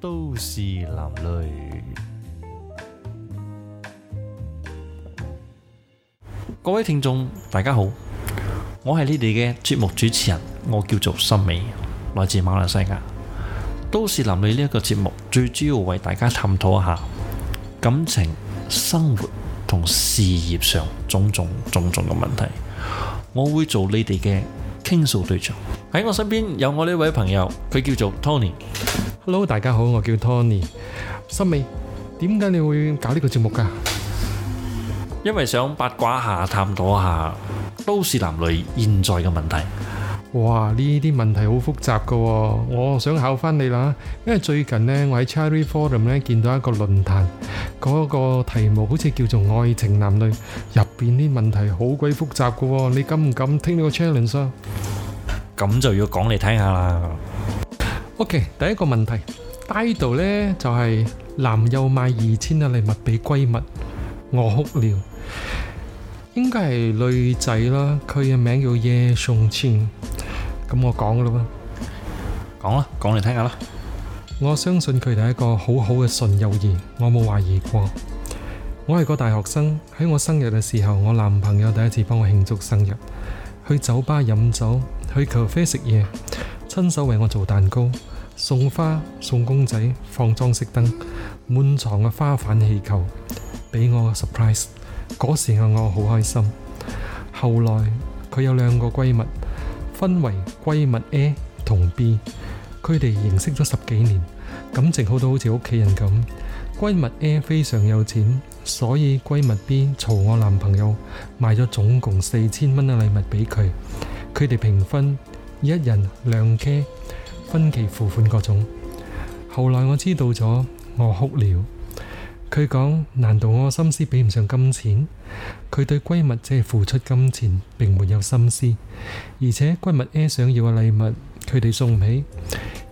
都市男女，各位聽眾大家好，我係你哋嘅節目主持人，我叫做森美，來自馬來西亞。都市男女呢一個節目，最主要為大家探討一下感情、生活同事業上種種種種嘅問題。我會做你哋嘅傾訴對象。喺我身邊有我呢位朋友，佢叫做 Tony。Hello，大家好，我叫 Tony。心美，點解你會搞呢個節目噶？因為想八卦下、探討下都市男女現在嘅問題。哇，呢啲問題好複雜噶，我想考翻你啦。因為最近咧，我喺 Cherry Forum 咧見到一個論壇，嗰個題目好似叫做《愛情男女》，入邊啲問題好鬼複雜噶。你敢唔敢聽呢個 challenge 啊？咁就要講嚟聽下啦。O、okay, K，第一個問題，呢度呢就係、是、男友買二千嘅禮物俾閨蜜，我哭了，應該係女仔啦，佢嘅名叫葉松千，咁我講噶咯，講啦，講嚟聽下啦。我相信佢哋係一個好好嘅純友誼，我冇懷疑過。我係個大學生，喺我生日嘅時候，我男朋友第一次幫我慶祝生日，去酒吧飲酒，去咖啡食嘢。親手為我做蛋糕、送花、送公仔、放裝飾燈、滿床嘅花瓣氣球，俾我 surprise。嗰時嘅我好開心。後來佢有兩個閨蜜，分為閨蜜 A 同 B。佢哋認識咗十幾年，感情好到好似屋企人咁。閨蜜 A 非常有錢，所以閨蜜 B 嘈我男朋友買咗總共四千蚊嘅禮物俾佢，佢哋平分。一人兩車分期付款各種。後來我知道咗，我哭了。佢講：難道我心思比唔上金錢？佢對閨蜜即係付出金錢，並沒有心思。而且閨蜜 A 想要嘅禮物，佢哋送唔起。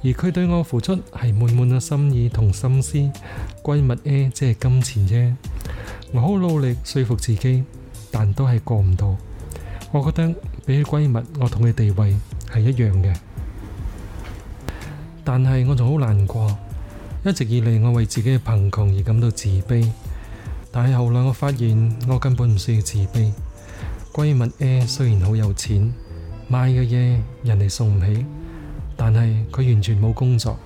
而佢對我付出係滿滿嘅心意同心思，閨蜜 A 只係金錢啫。我好努力說服自己，但都係過唔到。我覺得比起閨蜜，我同佢地位係一樣嘅，但係我仲好難過。一直以嚟，我為自己嘅貧窮而感到自卑。但係後來我發現，我根本唔需要自卑。閨蜜 A 雖然好有錢，買嘅嘢人哋送唔起，但係佢完全冇工作，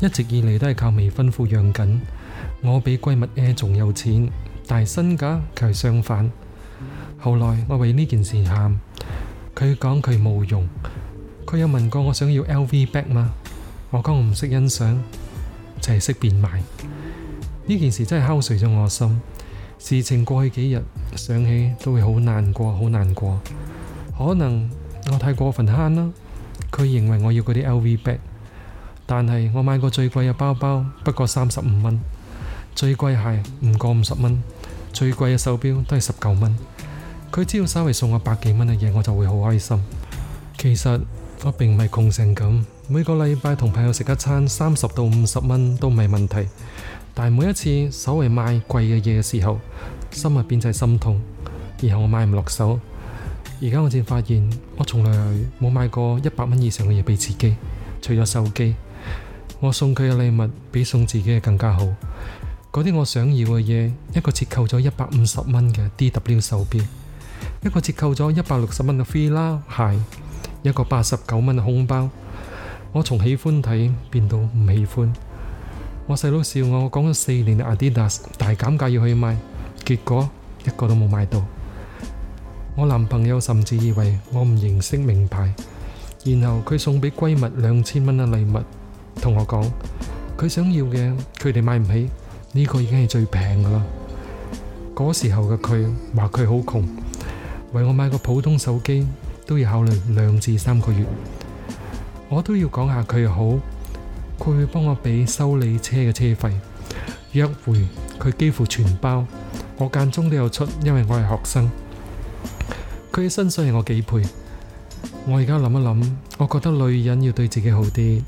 一直以嚟都係靠未婚夫養緊。我比閨蜜 A 仲有錢，但係身價卻係相反。後來我為呢件事喊，佢講佢冇用。佢有問過我想要 LV bag 嗎？我講我唔識欣賞，淨係識變賣。呢件事真係敲碎咗我心。事情過去幾日，想起都會好難過，好難過。可能我太過分慳啦。佢認為我要嗰啲 LV bag，但係我買過最貴嘅包包不過三十五蚊，最貴鞋唔過五十蚊，最貴嘅手錶都係十九蚊。佢只要稍微送我百幾蚊嘅嘢，我就會好開心。其實，我並唔係窮成咁，每個禮拜同朋友食一餐三十到五十蚊都唔係問題。但係每一次稍微買貴嘅嘢嘅時候，心入邊就係心痛，然後我買唔落手。而家我先發現，我從來冇買過一百蚊以上嘅嘢俾自己，除咗手機。我送佢嘅禮物比送自己嘅更加好。嗰啲我想要嘅嘢，一個折扣咗一百五十蚊嘅 DW 手錶，一個折扣咗一百六十蚊嘅 Fila 鞋。一個八十九蚊嘅紅包，我從喜歡睇變到唔喜歡。我細佬笑我，我講咗四年嘅 Adidas 大減價要去買，結果一個都冇買到。我男朋友甚至以為我唔認識名牌，然後佢送俾閨蜜兩千蚊嘅禮物，同我講佢想要嘅佢哋買唔起，呢個已經係最平噶啦。嗰時候嘅佢話佢好窮，為我買個普通手機，都要考慮兩至三個月。我都要講下佢好，佢會幫我俾修理車嘅車費。約會，佢幾乎全包，我間中都有出，因為我係學生。佢嘅薪水係我幾倍。我而家諗一諗，我覺得女人要對自己好啲，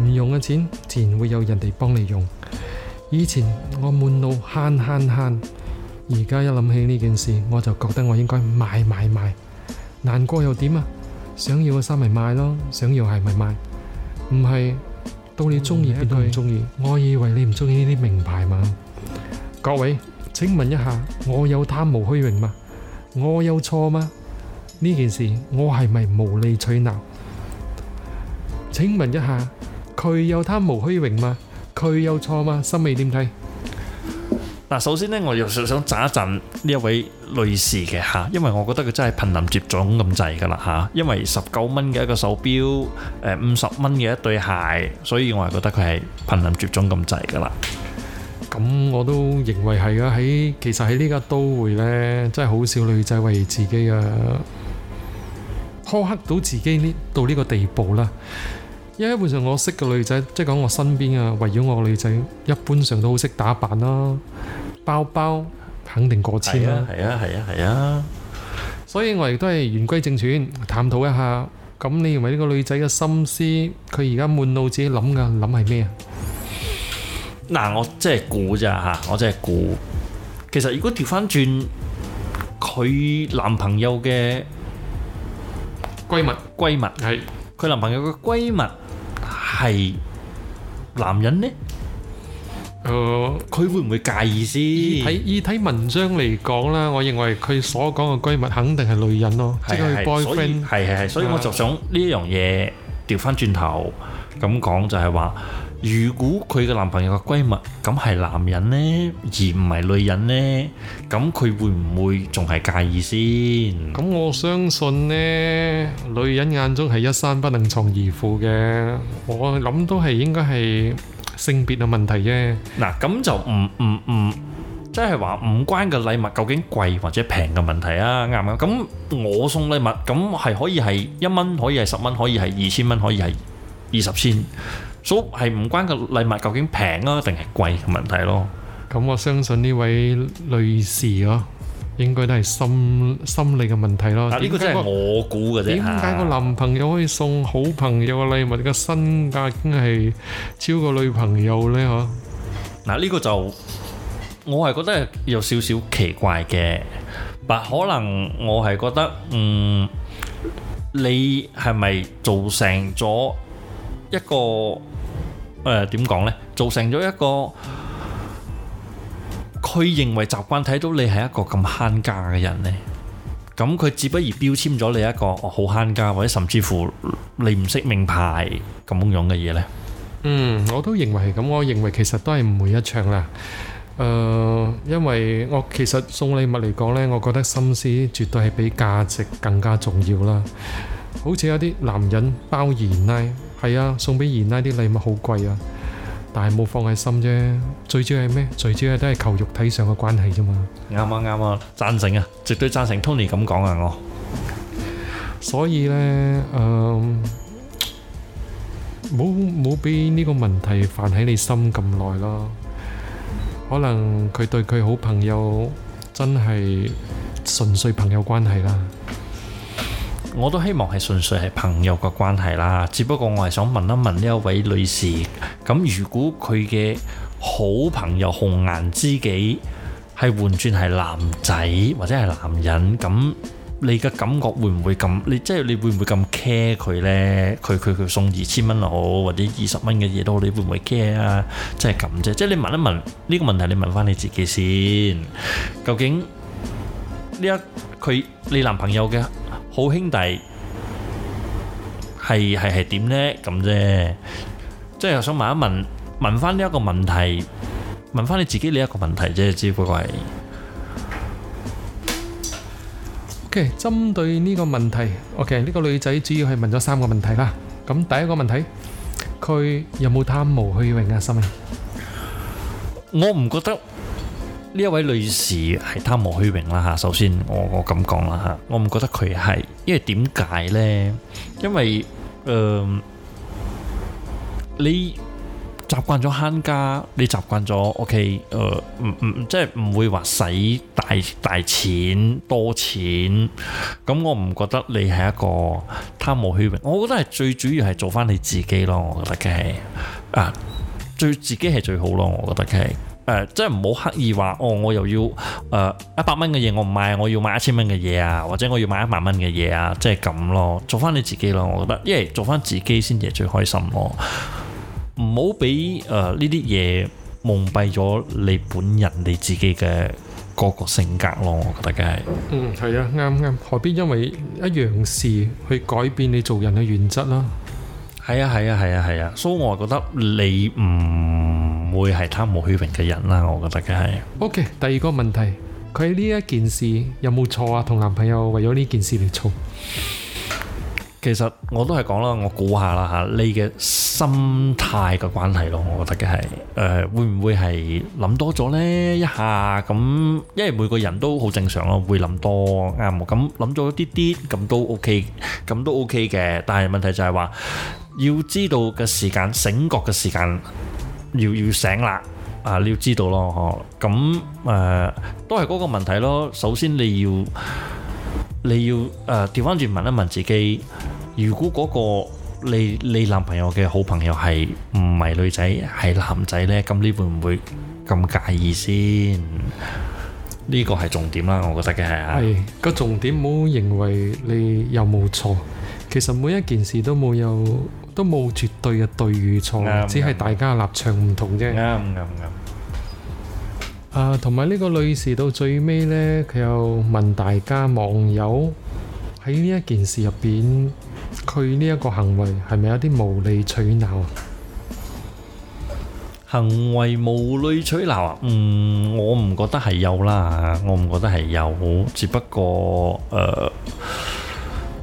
唔用嘅錢自然會有人哋幫你用。以前我滿腦慳慳慳，而家一諗起呢件事，我就覺得我應該買買買。難過又點啊？想要嘅衫咪買咯，想要鞋咪買，唔係到你中意邊都唔中意。我以為你唔中意呢啲名牌嘛。各位，請問一下，我有貪慕虛榮嘛？我有錯嗎？呢件事我係咪無理取鬧？請問一下，佢有貪慕虛榮嘛？佢有錯嗎？心理點睇？嗱，首先呢，我又是想紮一陣呢一位。類似嘅吓，因為我覺得佢真係瀕臨絕種咁滯噶啦吓，因為十九蚊嘅一個手錶，誒五十蚊嘅一對鞋，所以我係覺得佢係瀕臨絕種咁滯噶啦。咁我都認為係啊，喺其實喺呢個都會呢，真係好少女仔為自己啊苛刻到自己呢到呢個地步啦。因為基本上我識嘅女仔，即係講我身邊啊圍繞我嘅女仔，一般上都好識打扮啦，包包。肯定過千啦！係啊，係啊，係啊！啊所以我亦都係言歸正傳，探討一下。咁你認為呢個女仔嘅心思，佢而家悶怒自己諗嘅諗係咩啊？嗱，我真係估咋嚇，我真係估。其實如果調翻轉，佢男朋友嘅閨蜜密，閨蜜係佢男朋友嘅閨蜜係男人呢？誒，佢會唔會介意先？以以睇文章嚟講啦，我認為佢所講嘅閨蜜肯定係女人咯，即係佢 boyfriend。係係係，所以我就想呢一樣嘢調翻轉頭咁講，就係話，如果佢嘅男朋友嘅閨蜜咁係男人呢，而唔係女人呢，咁佢會唔會仲係介意先？咁我相信呢，女人眼中係一山不能藏二虎嘅，我諗都係應該係。性別嘅問題啫，嗱咁、啊、就唔唔唔，即係話唔關個禮物究竟貴或者平嘅問題啊，啱唔啱？咁我送禮物咁係可以係一蚊，可以係十蚊，可以係二千蚊，可以係二十千，所以係唔關個禮物究竟平啊定係貴嘅問題咯。咁我相信呢位女士咯、啊。應該都係心心理嘅問題咯。嗱，呢個真係我估嘅啫。點解個男朋友可以送好朋友嘅禮物嘅身價，已經係超過女朋友呢？嗬。嗱，呢個就我係覺得有少少奇怪嘅。但可能我係覺得，嗯，你係咪造成咗一個誒？點講呢？造成咗一個。佢認為習慣睇到你係一個咁慳家嘅人咧，咁佢只不如標籤咗你一個好慳家，或者甚至乎你唔識名牌咁樣嘅嘢咧。嗯，我都認為係咁。我認為其實都係誤會一場啦。誒，因為我其實送禮物嚟講咧，我覺得心思絕對係比價值更加重要啦。好似有啲男人包二奶，係啊，送俾二奶啲禮物好貴啊。但係冇放喺心啫，最主要係咩？最主要都係求肉體上嘅關係啫嘛。啱啊啱啊，贊成啊，絕對贊成 Tony 咁講啊我。所以呢，嗯，冇冇俾呢個問題煩喺你心咁耐咯。可能佢對佢好朋友真係純粹朋友關係啦。我都希望係純粹係朋友嘅關係啦，只不過我係想問一問呢一位女士，咁如果佢嘅好朋友紅顏知己係換轉係男仔或者係男人，咁你嘅感覺會唔會咁？你即係、就是、你會唔會咁 care 佢呢？佢佢佢送二千蚊好，或者二十蚊嘅嘢都好，你會唔會 care 啊？即係咁啫，即、就、係、是、你問一問呢、這個問題，你問翻你自己先，究竟呢一佢你男朋友嘅？好兄弟，係係係點呢咁啫，即係又想問一問，問翻呢一個問題，問翻你自己呢一個問題啫，只不過係，OK，針對呢個問題，OK，呢個女仔主要係問咗三個問題啦。咁第一個問題，佢有冇貪慕虛榮啊？心，我唔覺得。呢一位女士係貪慕虛榮啦嚇，首先我我咁講啦嚇，我唔覺得佢係，因為點解呢？因為誒、呃，你習慣咗慳家，你習慣咗 OK 誒、呃，唔、呃、唔即係唔會話使大大錢多錢，咁我唔覺得你係一個貪慕虛榮。我覺得係最主要係做翻你自己咯，我覺得嘅係啊，最自己係最好咯，我覺得嘅係。誒、呃，即係唔好刻意話哦，我又要誒一百蚊嘅嘢我唔買，我要買一千蚊嘅嘢啊，或者我要買一萬蚊嘅嘢啊，即係咁咯，做翻你自己咯，我覺得，因為做翻自己先至最開心咯。唔好俾誒呢啲嘢蒙蔽咗你本人你自己嘅各個性格咯，我覺得梗係。嗯，係啊，啱啱，何必因為一樣事去改變你做人嘅原則啦？係啊，係啊，係啊，係啊，啊，啊，啊，所以我啊覺得你唔。嗯嗯會係貪慕虛榮嘅人啦，我覺得嘅係。O K，第二個問題，佢呢一件事有冇錯啊？同男朋友為咗呢件事嚟嘈。其實我都係講啦，我估下啦吓，你嘅心態嘅關係咯，我覺得嘅係，誒，會唔會係諗多咗呢？一下咁，因為每個人都好正常咯，會諗多啱冇？咁諗咗一啲啲，咁都 O K，咁都 O K 嘅。但係問題就係話，要知道嘅時間，醒覺嘅時間。要要醒啦！啊，你要知道咯，嗬。咁誒，都係嗰個問題咯。首先你要你要誒調返轉問一問自己，如果嗰個你你男朋友嘅好朋友係唔係女仔，係男仔呢，咁你會唔會咁介意先？呢個係重點啦，我覺得嘅係啊。係個重點，唔好認為你有冇錯。其實每一件事都冇有。都冇絕對嘅對與錯，只係大家立場唔同啫。啱啱啱。啊，同埋呢個女士到最尾呢，佢又問大家網友喺呢一件事入邊，佢呢一個行為係咪有啲無理取鬧？行為無理取鬧啊？嗯，我唔覺得係有啦，我唔覺得係有，只不過誒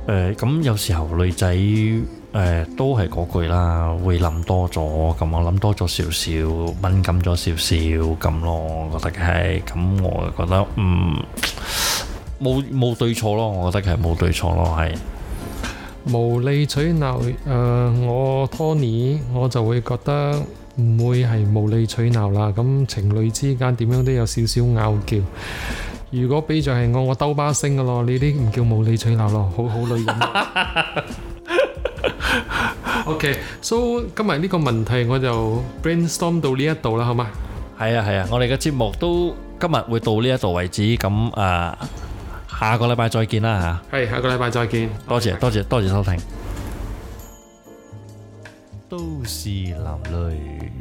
誒咁有時候女仔。誒，都係嗰句啦，會諗多咗，咁我諗多咗少少，敏感咗少少咁咯，我覺得係，咁我覺得嗯，冇冇對錯咯，我覺得佢係冇對錯咯，係無理取鬧。誒、呃，我 Tony 我就會覺得唔會係無理取鬧啦，咁情侶之間點樣都有少少拗撬。如果俾着係我，我兜巴星㗎咯，你啲唔叫無理取鬧咯，好好女人。OK，so 今日呢個問題我就 brainstorm 到呢一度啦，好嘛？係啊係啊，我哋嘅節目都今日會到呢一度為止，咁啊，下個禮拜再見啦吓。係下個禮拜再見，多謝多謝多謝收聽。都市男女。